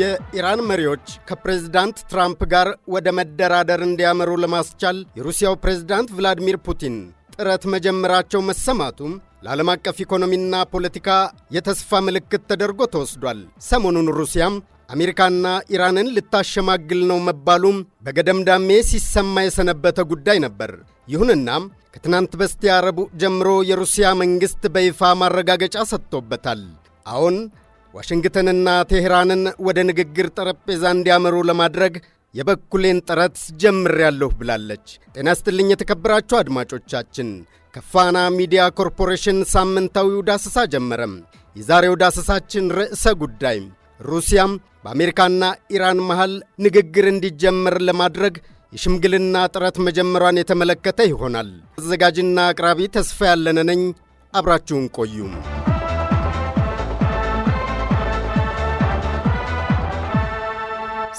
የኢራን መሪዎች ከፕሬዝዳንት ትራምፕ ጋር ወደ መደራደር እንዲያመሩ ለማስቻል የሩሲያው ፕሬዝዳንት ቭላዲሚር ፑቲን ጥረት መጀመራቸው መሰማቱም ለዓለም አቀፍ ኢኮኖሚና ፖለቲካ የተስፋ ምልክት ተደርጎ ተወስዷል። ሰሞኑን ሩሲያም አሜሪካና ኢራንን ልታሸማግል ነው መባሉም በገደምዳሜ ሲሰማ የሰነበተ ጉዳይ ነበር። ይሁንና ከትናንት በስቲያ ረቡዕ ጀምሮ የሩሲያ መንግሥት በይፋ ማረጋገጫ ሰጥቶበታል። አሁን ዋሽንግተንና ቴሄራንን ወደ ንግግር ጠረጴዛ እንዲያመሩ ለማድረግ የበኩሌን ጥረት ጀምሬያለሁ ብላለች። ጤና ይስጥልኝ የተከበራችሁ አድማጮቻችን፣ ከፋና ሚዲያ ኮርፖሬሽን ሳምንታዊው ዳሰሳ ጀመረም። የዛሬው ዳሰሳችን ርዕሰ ጉዳይ ሩሲያም በአሜሪካና ኢራን መሃል ንግግር እንዲጀመር ለማድረግ የሽምግልና ጥረት መጀመሯን የተመለከተ ይሆናል። አዘጋጅና አቅራቢ ተስፋ ያለነ ነኝ። አብራችሁን ቆዩም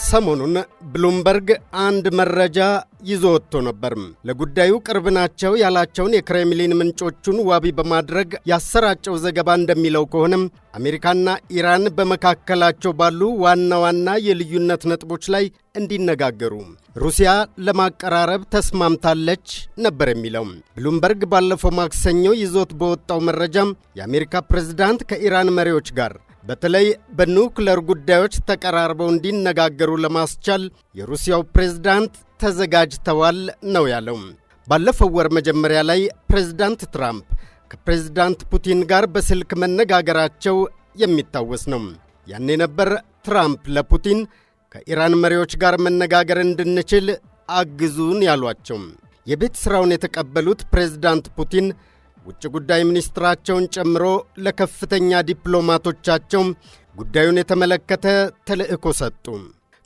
ሰሞኑን ብሉምበርግ አንድ መረጃ ይዞ ወጥቶ ነበር። ለጉዳዩ ቅርብ ናቸው ያላቸውን የክሬምሊን ምንጮቹን ዋቢ በማድረግ ያሰራጨው ዘገባ እንደሚለው ከሆነም አሜሪካና ኢራን በመካከላቸው ባሉ ዋና ዋና የልዩነት ነጥቦች ላይ እንዲነጋገሩ ሩሲያ ለማቀራረብ ተስማምታለች ነበር የሚለው ብሉምበርግ ባለፈው ማክሰኞ ይዞት በወጣው መረጃም የአሜሪካ ፕሬዝዳንት ከኢራን መሪዎች ጋር በተለይ በኑክለር ጉዳዮች ተቀራርበው እንዲነጋገሩ ለማስቻል የሩሲያው ፕሬዝዳንት ተዘጋጅተዋል ነው ያለው። ባለፈው ወር መጀመሪያ ላይ ፕሬዝዳንት ትራምፕ ከፕሬዝዳንት ፑቲን ጋር በስልክ መነጋገራቸው የሚታወስ ነው። ያኔ ነበር ትራምፕ ለፑቲን ከኢራን መሪዎች ጋር መነጋገር እንድንችል አግዙን ያሏቸው። የቤት ሥራውን የተቀበሉት ፕሬዝዳንት ፑቲን ውጭ ጉዳይ ሚኒስትራቸውን ጨምሮ ለከፍተኛ ዲፕሎማቶቻቸው ጉዳዩን የተመለከተ ተልእኮ ሰጡ።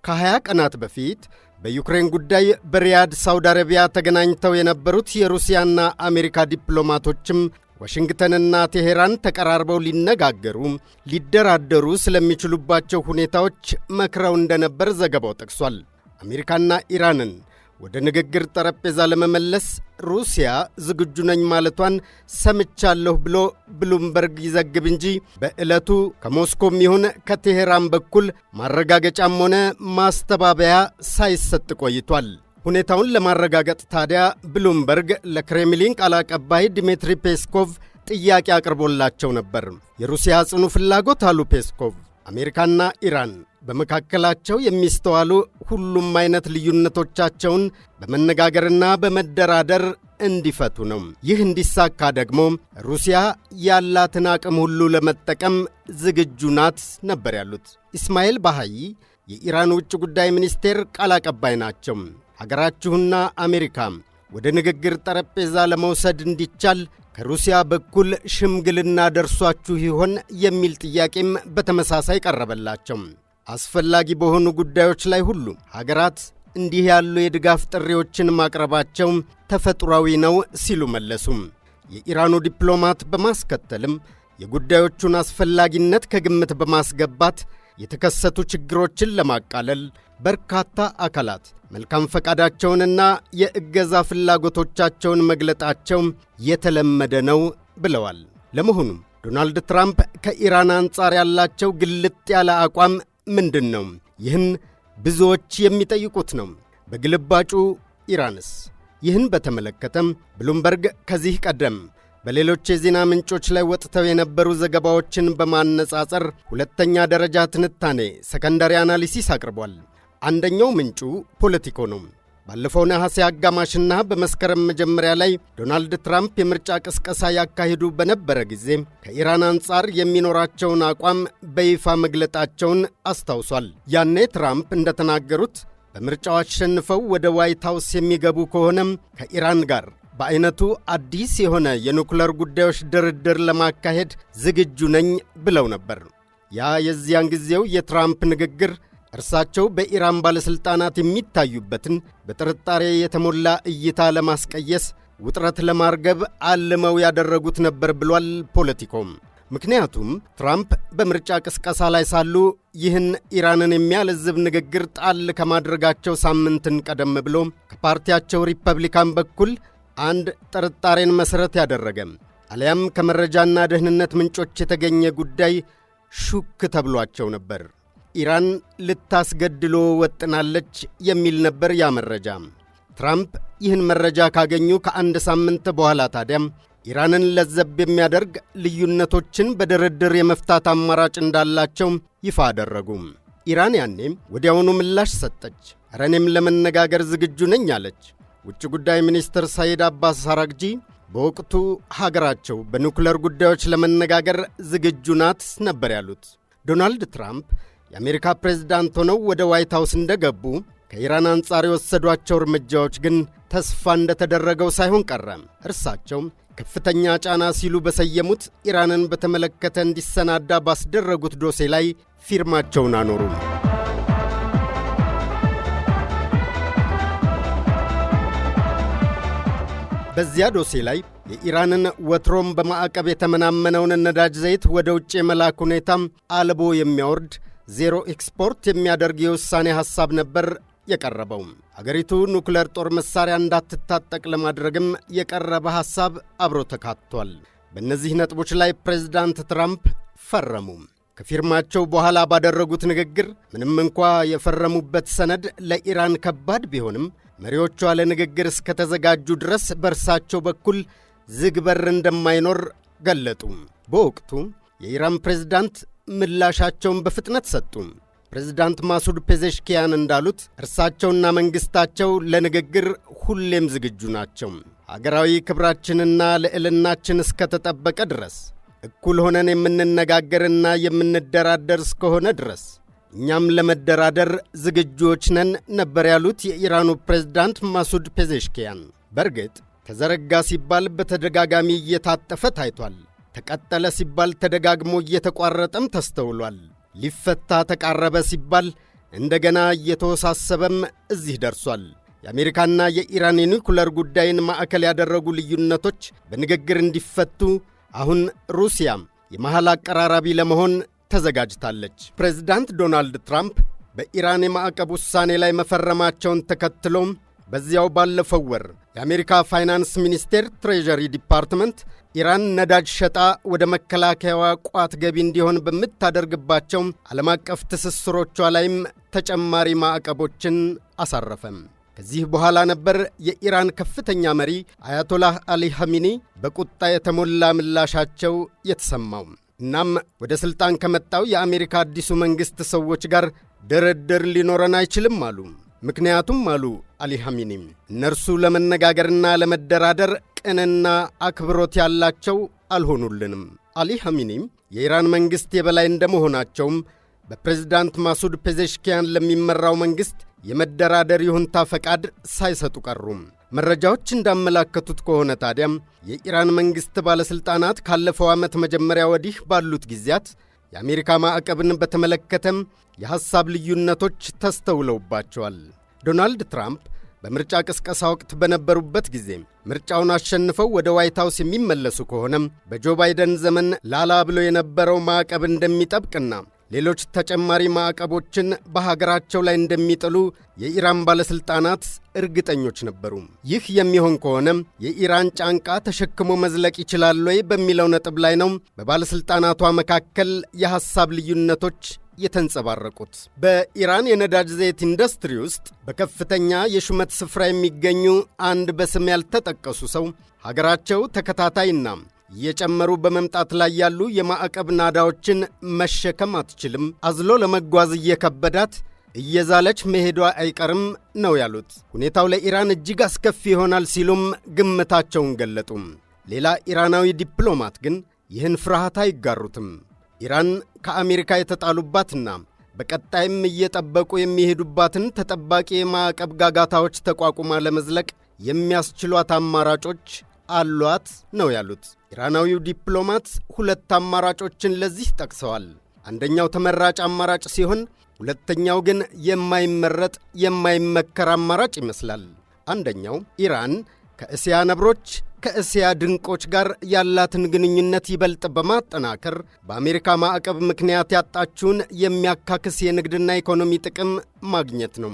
ከ20 ቀናት በፊት በዩክሬን ጉዳይ በሪያድ ሳውዲ አረቢያ ተገናኝተው የነበሩት የሩሲያና አሜሪካ ዲፕሎማቶችም ዋሽንግተንና ቴሄራን ተቀራርበው ሊነጋገሩ ሊደራደሩ ስለሚችሉባቸው ሁኔታዎች መክረው እንደነበር ዘገባው ጠቅሷል። አሜሪካና ኢራንን ወደ ንግግር ጠረጴዛ ለመመለስ ሩሲያ ዝግጁ ነኝ ማለቷን ሰምቻለሁ ብሎ ብሉምበርግ ይዘግብ እንጂ በዕለቱ ከሞስኮም ይሁን ከቴሄራን በኩል ማረጋገጫም ሆነ ማስተባበያ ሳይሰጥ ቆይቷል። ሁኔታውን ለማረጋገጥ ታዲያ ብሉምበርግ ለክሬምሊን ቃል አቀባይ ዲሚትሪ ፔስኮቭ ጥያቄ አቅርቦላቸው ነበር። የሩሲያ ጽኑ ፍላጎት አሉ ፔስኮቭ አሜሪካና ኢራን በመካከላቸው የሚስተዋሉ ሁሉም አይነት ልዩነቶቻቸውን በመነጋገርና በመደራደር እንዲፈቱ ነው። ይህ እንዲሳካ ደግሞ ሩሲያ ያላትን አቅም ሁሉ ለመጠቀም ዝግጁ ናት ነበር ያሉት ኢስማኤል ባሃይ የኢራን ውጭ ጉዳይ ሚኒስቴር ቃል አቀባይ ናቸው። ሀገራችሁና አሜሪካ ወደ ንግግር ጠረጴዛ ለመውሰድ እንዲቻል ከሩሲያ በኩል ሽምግልና ደርሷችሁ ይሆን የሚል ጥያቄም በተመሳሳይ ቀረበላቸው። አስፈላጊ በሆኑ ጉዳዮች ላይ ሁሉ ሀገራት እንዲህ ያሉ የድጋፍ ጥሪዎችን ማቅረባቸው ተፈጥሯዊ ነው ሲሉ መለሱ። የኢራኑ ዲፕሎማት በማስከተልም የጉዳዮቹን አስፈላጊነት ከግምት በማስገባት የተከሰቱ ችግሮችን ለማቃለል በርካታ አካላት መልካም ፈቃዳቸውንና የእገዛ ፍላጎቶቻቸውን መግለጣቸው የተለመደ ነው ብለዋል። ለመሆኑም ዶናልድ ትራምፕ ከኢራን አንጻር ያላቸው ግልጥ ያለ አቋም ምንድን ነው? ይህን ብዙዎች የሚጠይቁት ነው። በግልባጩ ኢራንስ? ይህን በተመለከተም ብሉምበርግ ከዚህ ቀደም በሌሎች የዜና ምንጮች ላይ ወጥተው የነበሩ ዘገባዎችን በማነጻጸር ሁለተኛ ደረጃ ትንታኔ ሰከንዳሪ አናሊሲስ አቅርቧል። አንደኛው ምንጩ ፖለቲኮ ነው። ባለፈው ነሐሴ አጋማሽና በመስከረም መጀመሪያ ላይ ዶናልድ ትራምፕ የምርጫ ቅስቀሳ ያካሂዱ በነበረ ጊዜ ከኢራን አንጻር የሚኖራቸውን አቋም በይፋ መግለጣቸውን አስታውሷል። ያኔ ትራምፕ እንደተናገሩት በምርጫው አሸንፈው ወደ ዋይት ሀውስ የሚገቡ ከሆነም ከኢራን ጋር በአይነቱ አዲስ የሆነ የኑክለር ጉዳዮች ድርድር ለማካሄድ ዝግጁ ነኝ ብለው ነበር። ያ የዚያን ጊዜው የትራምፕ ንግግር እርሳቸው በኢራን ባለሥልጣናት የሚታዩበትን በጥርጣሬ የተሞላ እይታ ለማስቀየስ ውጥረት ለማርገብ አልመው ያደረጉት ነበር ብሏል ፖለቲኮም። ምክንያቱም ትራምፕ በምርጫ ቅስቀሳ ላይ ሳሉ ይህን ኢራንን የሚያለዝብ ንግግር ጣል ከማድረጋቸው ሳምንትን ቀደም ብሎ ከፓርቲያቸው ሪፐብሊካን በኩል አንድ ጥርጣሬን መሠረት ያደረገ አሊያም ከመረጃና ደህንነት ምንጮች የተገኘ ጉዳይ ሹክ ተብሏቸው ነበር። ኢራን ልታስገድሎ ወጥናለች የሚል ነበር ያ መረጃ። ትራምፕ ይህን መረጃ ካገኙ ከአንድ ሳምንት በኋላ ታዲያም ኢራንን ለዘብ የሚያደርግ ልዩነቶችን በድርድር የመፍታት አማራጭ እንዳላቸው ይፋ አደረጉ። ኢራን ያኔ ወዲያውኑ ምላሽ ሰጠች። ረኔም ለመነጋገር ዝግጁ ነኝ አለች። ውጭ ጉዳይ ሚኒስትር ሳይድ አባስ ሳራግጂ በወቅቱ ሀገራቸው በኑክለር ጉዳዮች ለመነጋገር ዝግጁ ናት ነበር ያሉት። ዶናልድ ትራምፕ የአሜሪካ ፕሬዝዳንት ሆነው ወደ ዋይት ሃውስ እንደገቡ ከኢራን አንጻር የወሰዷቸው እርምጃዎች ግን ተስፋ እንደተደረገው ሳይሆን ቀረ። እርሳቸው ከፍተኛ ጫና ሲሉ በሰየሙት ኢራንን በተመለከተ እንዲሰናዳ ባስደረጉት ዶሴ ላይ ፊርማቸውን አኖሩ። በዚያ ዶሴ ላይ የኢራንን ወትሮም በማዕቀብ የተመናመነውን ነዳጅ ዘይት ወደ ውጭ የመላክ ሁኔታም አልቦ የሚያወርድ ዜሮ ኤክስፖርት የሚያደርግ የውሳኔ ሐሳብ ነበር የቀረበው። አገሪቱ ኑክሌር ጦር መሳሪያ እንዳትታጠቅ ለማድረግም የቀረበ ሐሳብ አብሮ ተካትቷል። በእነዚህ ነጥቦች ላይ ፕሬዝዳንት ትራምፕ ፈረሙ። ከፊርማቸው በኋላ ባደረጉት ንግግር ምንም እንኳ የፈረሙበት ሰነድ ለኢራን ከባድ ቢሆንም መሪዎቿ ለንግግር እስከተዘጋጁ ድረስ በእርሳቸው በኩል ዝግ በር እንደማይኖር ገለጡ። በወቅቱ የኢራን ፕሬዝዳንት ምላሻቸውን በፍጥነት ሰጡ። ፕሬዝዳንት ማሱድ ፔዜሽኪያን እንዳሉት እርሳቸውና መንግሥታቸው ለንግግር ሁሌም ዝግጁ ናቸው። አገራዊ ክብራችንና ልዕልናችን እስከተጠበቀ ድረስ እኩል ሆነን የምንነጋገርና የምንደራደር እስከሆነ ድረስ እኛም ለመደራደር ዝግጆች ነን ነበር ያሉት የኢራኑ ፕሬዝዳንት ማሱድ ፔዜሽኪያን። በእርግጥ ተዘረጋ ሲባል በተደጋጋሚ እየታጠፈ ታይቷል። ተቀጠለ ሲባል ተደጋግሞ እየተቋረጠም ተስተውሏል። ሊፈታ ተቃረበ ሲባል እንደገና እየተወሳሰበም እዚህ ደርሷል። የአሜሪካና የኢራን የኒኩለር ጉዳይን ማዕከል ያደረጉ ልዩነቶች በንግግር እንዲፈቱ አሁን ሩሲያም የመሐል አቀራራቢ ለመሆን ተዘጋጅታለች። ፕሬዚዳንት ዶናልድ ትራምፕ በኢራን የማዕቀብ ውሳኔ ላይ መፈረማቸውን ተከትሎም በዚያው ባለፈው ወር የአሜሪካ ፋይናንስ ሚኒስቴር ትሬዠሪ ዲፓርትመንት ኢራን ነዳጅ ሸጣ ወደ መከላከያዋ ቋት ገቢ እንዲሆን በምታደርግባቸው ዓለም አቀፍ ትስስሮቿ ላይም ተጨማሪ ማዕቀቦችን አሳረፈም። ከዚህ በኋላ ነበር የኢራን ከፍተኛ መሪ አያቶላህ አሊ ሐሚኒ በቁጣ የተሞላ ምላሻቸው የተሰማው። እናም ወደ ሥልጣን ከመጣው የአሜሪካ አዲሱ መንግሥት ሰዎች ጋር ድርድር ሊኖረን አይችልም አሉ። ምክንያቱም አሉ አሊ ሐሚኒም እነርሱ ለመነጋገርና ለመደራደር ቅንና አክብሮት ያላቸው አልሆኑልንም። አሊ ሐሚኒም የኢራን መንግሥት የበላይ እንደመሆናቸውም በፕሬዝዳንት ማሱድ ፔዜሽኪያን ለሚመራው መንግሥት የመደራደር ይሁንታ ፈቃድ ሳይሰጡ ቀሩም። መረጃዎች እንዳመላከቱት ከሆነ ታዲያም የኢራን መንግሥት ባለሥልጣናት ካለፈው ዓመት መጀመሪያ ወዲህ ባሉት ጊዜያት የአሜሪካ ማዕቀብን በተመለከተም የሐሳብ ልዩነቶች ተስተውለውባቸዋል። ዶናልድ ትራምፕ በምርጫ ቅስቀሳ ወቅት በነበሩበት ጊዜ ምርጫውን አሸንፈው ወደ ዋይት ሃውስ የሚመለሱ ከሆነም በጆ ባይደን ዘመን ላላ ብሎ የነበረው ማዕቀብ እንደሚጠብቅና ሌሎች ተጨማሪ ማዕቀቦችን በሀገራቸው ላይ እንደሚጥሉ የኢራን ባለሥልጣናት እርግጠኞች ነበሩ። ይህ የሚሆን ከሆነም የኢራን ጫንቃ ተሸክሞ መዝለቅ ይችላል ወይ በሚለው ነጥብ ላይ ነው በባለሥልጣናቷ መካከል የሐሳብ ልዩነቶች የተንጸባረቁት። በኢራን የነዳጅ ዘይት ኢንዱስትሪ ውስጥ በከፍተኛ የሹመት ስፍራ የሚገኙ አንድ በስም ያልተጠቀሱ ሰው ሀገራቸው ተከታታይና እየጨመሩ በመምጣት ላይ ያሉ የማዕቀብ ናዳዎችን መሸከም አትችልም፣ አዝሎ ለመጓዝ እየከበዳት እየዛለች መሄዷ አይቀርም ነው ያሉት። ሁኔታው ለኢራን እጅግ አስከፊ ይሆናል ሲሉም ግምታቸውን ገለጡም። ሌላ ኢራናዊ ዲፕሎማት ግን ይህን ፍርሃት አይጋሩትም። ኢራን ከአሜሪካ የተጣሉባትና በቀጣይም እየጠበቁ የሚሄዱባትን ተጠባቂ የማዕቀብ ጋጋታዎች ተቋቁማ ለመዝለቅ የሚያስችሏት አማራጮች አሏት ነው ያሉት። ኢራናዊው ዲፕሎማት ሁለት አማራጮችን ለዚህ ጠቅሰዋል። አንደኛው ተመራጭ አማራጭ ሲሆን፣ ሁለተኛው ግን የማይመረጥ የማይመከር አማራጭ ይመስላል። አንደኛው ኢራን ከእስያ ነብሮች ከእስያ ድንቆች ጋር ያላትን ግንኙነት ይበልጥ በማጠናከር በአሜሪካ ማዕቀብ ምክንያት ያጣችውን የሚያካክስ የንግድና ኢኮኖሚ ጥቅም ማግኘት ነው።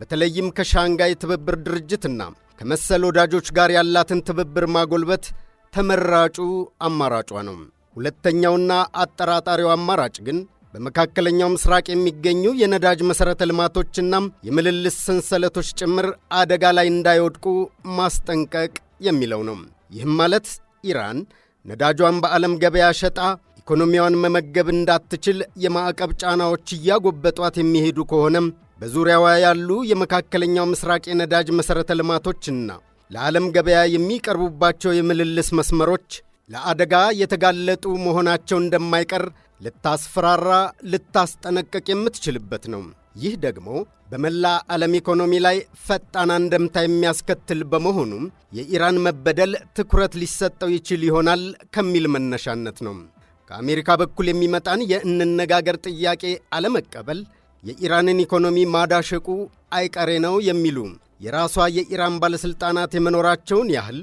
በተለይም ከሻንጋይ ትብብር ድርጅትና ከመሰል ወዳጆች ጋር ያላትን ትብብር ማጎልበት ተመራጩ አማራጯ ነው። ሁለተኛውና አጠራጣሪው አማራጭ ግን በመካከለኛው ምስራቅ የሚገኙ የነዳጅ መሠረተ ልማቶችና የምልልስ ሰንሰለቶች ጭምር አደጋ ላይ እንዳይወድቁ ማስጠንቀቅ የሚለው ነው። ይህም ማለት ኢራን ነዳጇን በዓለም ገበያ ሸጣ ኢኮኖሚዋን መመገብ እንዳትችል የማዕቀብ ጫናዎች እያጎበጧት የሚሄዱ ከሆነም በዙሪያዋ ያሉ የመካከለኛው ምስራቅ የነዳጅ መሠረተ ልማቶችና ለዓለም ገበያ የሚቀርቡባቸው የምልልስ መስመሮች ለአደጋ የተጋለጡ መሆናቸው እንደማይቀር ልታስፈራራ፣ ልታስጠነቀቅ የምትችልበት ነው። ይህ ደግሞ በመላ ዓለም ኢኮኖሚ ላይ ፈጣን አንደምታ የሚያስከትል በመሆኑም የኢራን መበደል ትኩረት ሊሰጠው ይችል ይሆናል ከሚል መነሻነት ነው። ከአሜሪካ በኩል የሚመጣን የእንነጋገር ጥያቄ አለመቀበል የኢራንን ኢኮኖሚ ማዳሸቁ አይቀሬ ነው የሚሉ የራሷ የኢራን ባለሥልጣናት የመኖራቸውን ያህል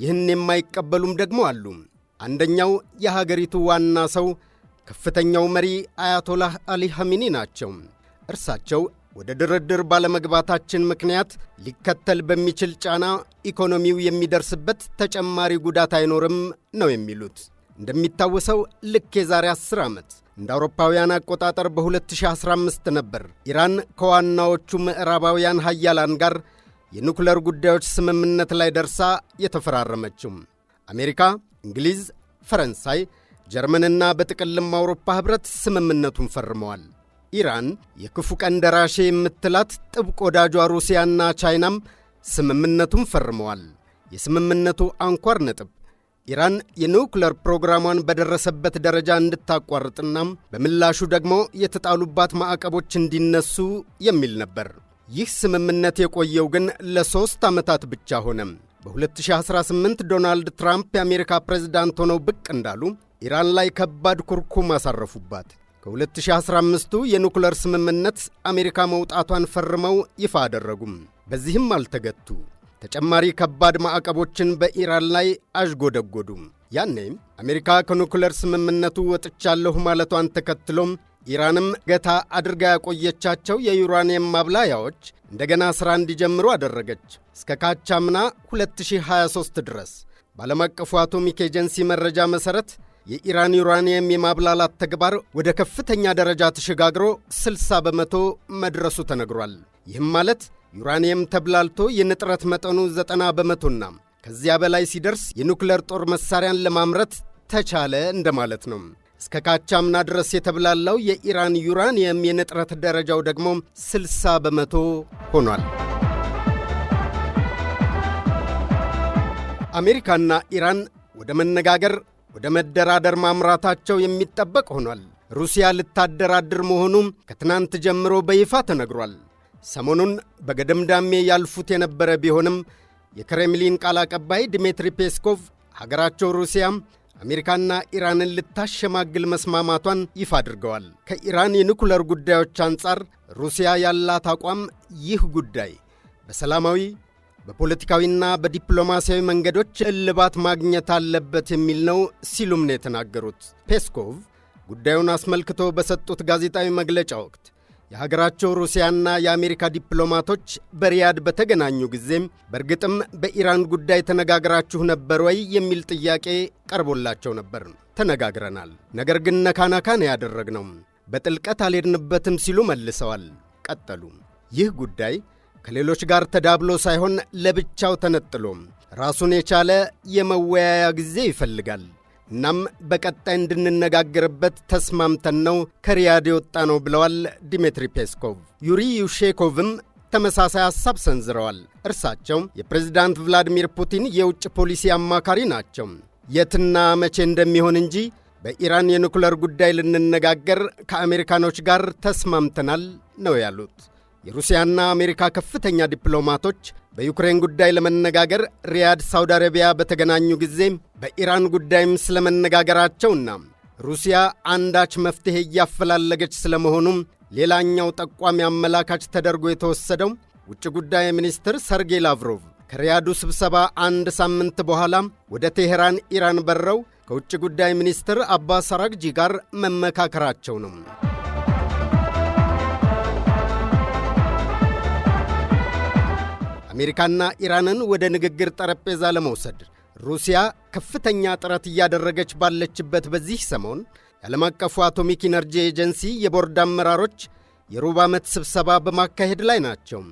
ይህን የማይቀበሉም ደግሞ አሉ። አንደኛው የሀገሪቱ ዋና ሰው ከፍተኛው መሪ አያቶላህ አሊ ሐሚኒ ናቸው። እርሳቸው ወደ ድርድር ባለመግባታችን ምክንያት ሊከተል በሚችል ጫና ኢኮኖሚው የሚደርስበት ተጨማሪ ጉዳት አይኖርም ነው የሚሉት። እንደሚታወሰው ልክ የዛሬ 10 ዓመት እንደ አውሮፓውያን አቆጣጠር በ2015 ነበር ኢራን ከዋናዎቹ ምዕራባውያን ሀያላን ጋር የኑክለር ጉዳዮች ስምምነት ላይ ደርሳ የተፈራረመችው። አሜሪካ፣ እንግሊዝ፣ ፈረንሳይ፣ ጀርመንና በጥቅልም አውሮፓ ኅብረት ስምምነቱን ፈርመዋል። ኢራን የክፉ ቀን ደራሼ የምትላት ጥብቅ ወዳጇ ሩሲያና ቻይናም ስምምነቱን ፈርመዋል። የስምምነቱ አንኳር ነጥብ ኢራን የኒውክለር ፕሮግራሟን በደረሰበት ደረጃ እንድታቋርጥና በምላሹ ደግሞ የተጣሉባት ማዕቀቦች እንዲነሱ የሚል ነበር። ይህ ስምምነት የቆየው ግን ለሦስት ዓመታት ብቻ ሆነ። በ2018 ዶናልድ ትራምፕ የአሜሪካ ፕሬዝዳንት ሆነው ብቅ እንዳሉ ኢራን ላይ ከባድ ኩርኩም አሳረፉባት። ከ2015ቱ የኒውክለር ስምምነት አሜሪካ መውጣቷን ፈርመው ይፋ አደረጉም። በዚህም አልተገቱ። ተጨማሪ ከባድ ማዕቀቦችን በኢራን ላይ አዥጎደጎዱም። ያኔም አሜሪካ ከኑክሌር ስምምነቱ ወጥቻለሁ ማለቷን ተከትሎም ኢራንም ገታ አድርጋ ያቆየቻቸው የዩራኒየም ማብላያዎች እንደገና ሥራ እንዲጀምሩ አደረገች እስከ ካቻምና 2023 ድረስ። ባለም አቀፉ አቶሚክ ኤጀንሲ መረጃ መሠረት የኢራን ዩራኒየም የማብላላት ተግባር ወደ ከፍተኛ ደረጃ ተሸጋግሮ 60 በመቶ መድረሱ ተነግሯል። ይህም ማለት ዩራኒየም ተብላልቶ የንጥረት መጠኑ 90 በመቶና ከዚያ በላይ ሲደርስ የኑክሌር ጦር መሳሪያን ለማምረት ተቻለ እንደማለት ነው። እስከ ካቻምና ድረስ የተብላላው የኢራን ዩራኒየም የንጥረት ደረጃው ደግሞ 60 በመቶ ሆኗል። አሜሪካና ኢራን ወደ መነጋገር ወደ መደራደር ማምራታቸው የሚጠበቅ ሆኗል። ሩሲያ ልታደራድር መሆኑም ከትናንት ጀምሮ በይፋ ተነግሯል። ሰሞኑን በገደምዳሜ ያልፉት የነበረ ቢሆንም የክሬምሊን ቃል አቀባይ ድሜትሪ ፔስኮቭ ሀገራቸው ሩሲያም አሜሪካና ኢራንን ልታሸማግል መስማማቷን ይፋ አድርገዋል። ከኢራን የኒኩለር ጉዳዮች አንጻር ሩሲያ ያላት አቋም ይህ ጉዳይ በሰላማዊ በፖለቲካዊና በዲፕሎማሲያዊ መንገዶች እልባት ማግኘት አለበት የሚል ነው ሲሉም ነው የተናገሩት። ፔስኮቭ ጉዳዩን አስመልክቶ በሰጡት ጋዜጣዊ መግለጫ ወቅት የሀገራቸው ሩሲያና የአሜሪካ ዲፕሎማቶች በሪያድ በተገናኙ ጊዜም በእርግጥም በኢራን ጉዳይ ተነጋግራችሁ ነበር ወይ የሚል ጥያቄ ቀርቦላቸው ነበር። ተነጋግረናል፣ ነገር ግን ነካናካ ነው ያደረግነው፣ በጥልቀት አልሄድንበትም ሲሉ መልሰዋል። ቀጠሉ ይህ ጉዳይ ከሌሎች ጋር ተዳብሎ ሳይሆን ለብቻው ተነጥሎ ራሱን የቻለ የመወያያ ጊዜ ይፈልጋል። እናም በቀጣይ እንድንነጋገርበት ተስማምተን ነው ከሪያድ የወጣ ነው ብለዋል ዲሜትሪ ፔስኮቭ። ዩሪ ዩሼኮቭም ተመሳሳይ ሐሳብ ሰንዝረዋል። እርሳቸው የፕሬዝዳንት ቭላዲሚር ፑቲን የውጭ ፖሊሲ አማካሪ ናቸው። የትና መቼ እንደሚሆን እንጂ በኢራን የኑክለር ጉዳይ ልንነጋገር ከአሜሪካኖች ጋር ተስማምተናል ነው ያሉት። የሩሲያና አሜሪካ ከፍተኛ ዲፕሎማቶች በዩክሬን ጉዳይ ለመነጋገር ሪያድ ሳውዲ አረቢያ በተገናኙ ጊዜ በኢራን ጉዳይም ስለመነጋገራቸውና ሩሲያ አንዳች መፍትሔ እያፈላለገች ስለመሆኑም ሌላኛው ጠቋሚ አመላካች ተደርጎ የተወሰደው ውጭ ጉዳይ ሚኒስትር ሰርጌይ ላቭሮቭ ከሪያዱ ስብሰባ አንድ ሳምንት በኋላ ወደ ቴሄራን ኢራን በረው ከውጭ ጉዳይ ሚኒስትር አባስ አራግጂ ጋር መመካከራቸው ነው። አሜሪካና ኢራንን ወደ ንግግር ጠረጴዛ ለመውሰድ ሩሲያ ከፍተኛ ጥረት እያደረገች ባለችበት በዚህ ሰሞን የዓለም አቀፉ አቶሚክ ኢነርጂ ኤጀንሲ የቦርድ አመራሮች የሩብ ዓመት ስብሰባ በማካሄድ ላይ ናቸው።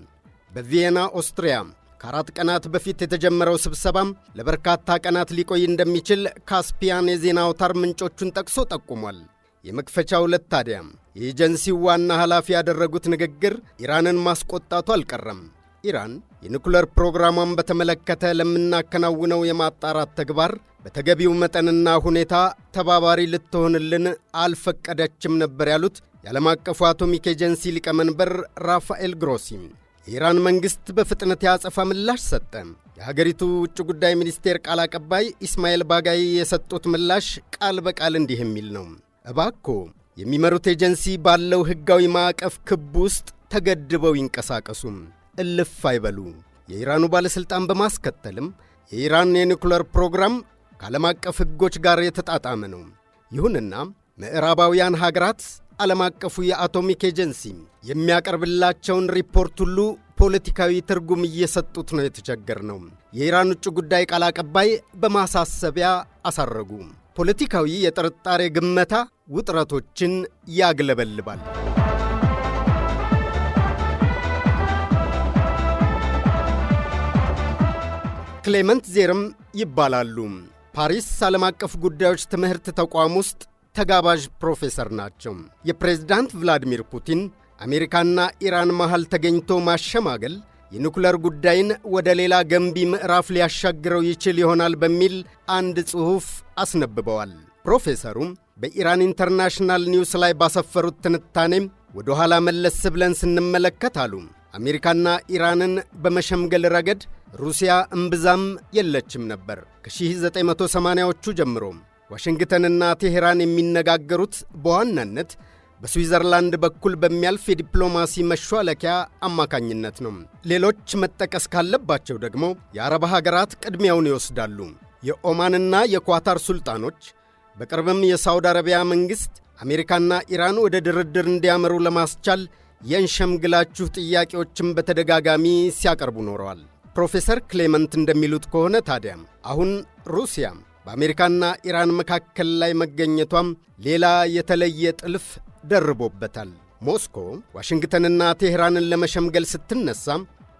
በቪየና ኦስትሪያ ከአራት ቀናት በፊት የተጀመረው ስብሰባም ለበርካታ ቀናት ሊቆይ እንደሚችል ካስፒያን የዜና አውታር ምንጮቹን ጠቅሶ ጠቁሟል። የመክፈቻ ዕለት ታዲያም የኤጀንሲው ዋና ኃላፊ ያደረጉት ንግግር ኢራንን ማስቆጣቱ አልቀረም። ኢራን የኒኩለር ፕሮግራሟን በተመለከተ ለምናከናውነው የማጣራት ተግባር በተገቢው መጠንና ሁኔታ ተባባሪ ልትሆንልን አልፈቀደችም ነበር ያሉት የዓለም አቀፉ አቶሚክ ኤጀንሲ ሊቀመንበር ራፋኤል ግሮሲም የኢራን መንግሥት በፍጥነት የአጸፋ ምላሽ ሰጠ። የሀገሪቱ ውጭ ጉዳይ ሚኒስቴር ቃል አቀባይ ኢስማኤል ባጋይ የሰጡት ምላሽ ቃል በቃል እንዲህ የሚል ነው። እባኮ የሚመሩት ኤጀንሲ ባለው ሕጋዊ ማዕቀፍ ክብ ውስጥ ተገድበው ይንቀሳቀሱም እልፍ አይበሉ። የኢራኑ ባለሥልጣን በማስከተልም የኢራን የኒኩለር ፕሮግራም ከዓለም አቀፍ ሕጎች ጋር የተጣጣመ ነው። ይሁንና ምዕራባውያን ሀገራት ዓለም አቀፉ የአቶሚክ ኤጀንሲ የሚያቀርብላቸውን ሪፖርት ሁሉ ፖለቲካዊ ትርጉም እየሰጡት ነው የተቸገር ነው። የኢራን ውጭ ጉዳይ ቃል አቀባይ በማሳሰቢያ አሳረጉ። ፖለቲካዊ የጥርጣሬ ግመታ ውጥረቶችን ያግለበልባል። ክሌመንት ዜርም ይባላሉ። ፓሪስ ዓለም አቀፍ ጉዳዮች ትምህርት ተቋም ውስጥ ተጋባዥ ፕሮፌሰር ናቸው። የፕሬዝዳንት ቭላዲሚር ፑቲን አሜሪካና ኢራን መሃል ተገኝቶ ማሸማገል የኒኩለር ጉዳይን ወደ ሌላ ገንቢ ምዕራፍ ሊያሻግረው ይችል ይሆናል በሚል አንድ ጽሑፍ አስነብበዋል። ፕሮፌሰሩም በኢራን ኢንተርናሽናል ኒውስ ላይ ባሰፈሩት ትንታኔም ወደ ኋላ መለስ ብለን ስንመለከት አሉ አሜሪካና ኢራንን በመሸምገል ረገድ ሩሲያ እምብዛም የለችም ነበር። ከ1980ዎቹ ጀምሮም ዋሽንግተንና ቴሄራን የሚነጋገሩት በዋናነት በስዊዘርላንድ በኩል በሚያልፍ የዲፕሎማሲ መሿለኪያ አማካኝነት ነው። ሌሎች መጠቀስ ካለባቸው ደግሞ የአረብ ሀገራት ቅድሚያውን ይወስዳሉ። የኦማንና የኳታር ሱልጣኖች፣ በቅርብም የሳውዲ አረቢያ መንግሥት አሜሪካና ኢራን ወደ ድርድር እንዲያመሩ ለማስቻል የእንሸምግላችሁ ጥያቄዎችን በተደጋጋሚ ሲያቀርቡ ኖረዋል። ፕሮፌሰር ክሌመንት እንደሚሉት ከሆነ ታዲያም አሁን ሩሲያ በአሜሪካና ኢራን መካከል ላይ መገኘቷም ሌላ የተለየ ጥልፍ ደርቦበታል። ሞስኮ ዋሽንግተንና ቴህራንን ለመሸምገል ስትነሳ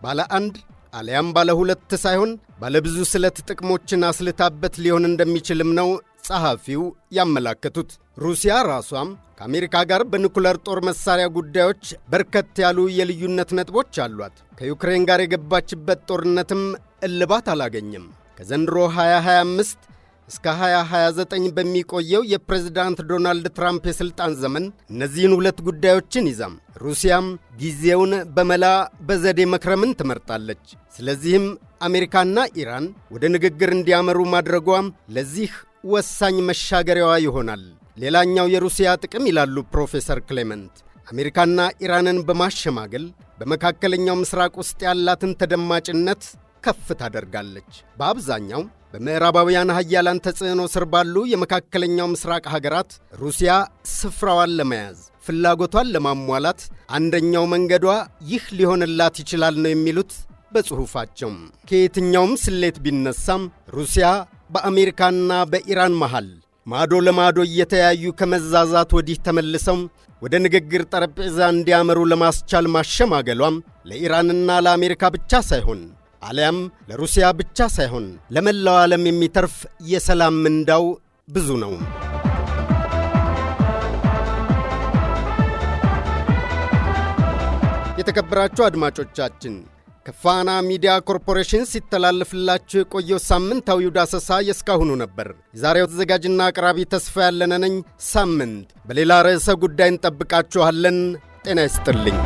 ባለ አንድ አሊያም ባለ ሁለት ሳይሆን ባለብዙ ስለት ጥቅሞችን አስልታበት ሊሆን እንደሚችልም ነው ጸሐፊው ያመላከቱት። ሩሲያ ራሷም ከአሜሪካ ጋር በኒኩለር ጦር መሳሪያ ጉዳዮች በርከት ያሉ የልዩነት ነጥቦች አሏት። ከዩክሬን ጋር የገባችበት ጦርነትም እልባት አላገኘም። ከዘንድሮ 2025 እስከ 2029 በሚቆየው የፕሬዝዳንት ዶናልድ ትራምፕ የሥልጣን ዘመን እነዚህን ሁለት ጉዳዮችን ይዛም ሩሲያም ጊዜውን በመላ በዘዴ መክረምን ትመርጣለች። ስለዚህም አሜሪካና ኢራን ወደ ንግግር እንዲያመሩ ማድረጓም ለዚህ ወሳኝ መሻገሪያዋ ይሆናል። ሌላኛው የሩሲያ ጥቅም ይላሉ ፕሮፌሰር ክሌመንት አሜሪካና ኢራንን በማሸማገል በመካከለኛው ምስራቅ ውስጥ ያላትን ተደማጭነት ከፍ ታደርጋለች። በአብዛኛው በምዕራባውያን ሀያላን ተጽዕኖ ስር ባሉ የመካከለኛው ምስራቅ ሀገራት ሩሲያ ስፍራዋን ለመያዝ ፍላጎቷን ለማሟላት አንደኛው መንገዷ ይህ ሊሆንላት ይችላል ነው የሚሉት በጽሑፋቸው። ከየትኛውም ስሌት ቢነሳም ሩሲያ በአሜሪካና በኢራን መሃል ማዶ ለማዶ እየተያዩ ከመዛዛት ወዲህ ተመልሰው ወደ ንግግር ጠረጴዛ እንዲያመሩ ለማስቻል ማሸማገሏም ለኢራንና ለአሜሪካ ብቻ ሳይሆን አሊያም ለሩሲያ ብቻ ሳይሆን ለመላው ዓለም የሚተርፍ የሰላም ምንዳው ብዙ ነው። የተከበራችሁ አድማጮቻችን ከፋና ሚዲያ ኮርፖሬሽን ሲተላለፍላችሁ የቆየው ሳምንታዊው ዳሰሳ የእስካሁኑ ነበር። የዛሬው ተዘጋጅና አቅራቢ ተስፋ ያለነ ነኝ። ሳምንት በሌላ ርዕሰ ጉዳይ እንጠብቃችኋለን። ጤና ይስጥልኝ።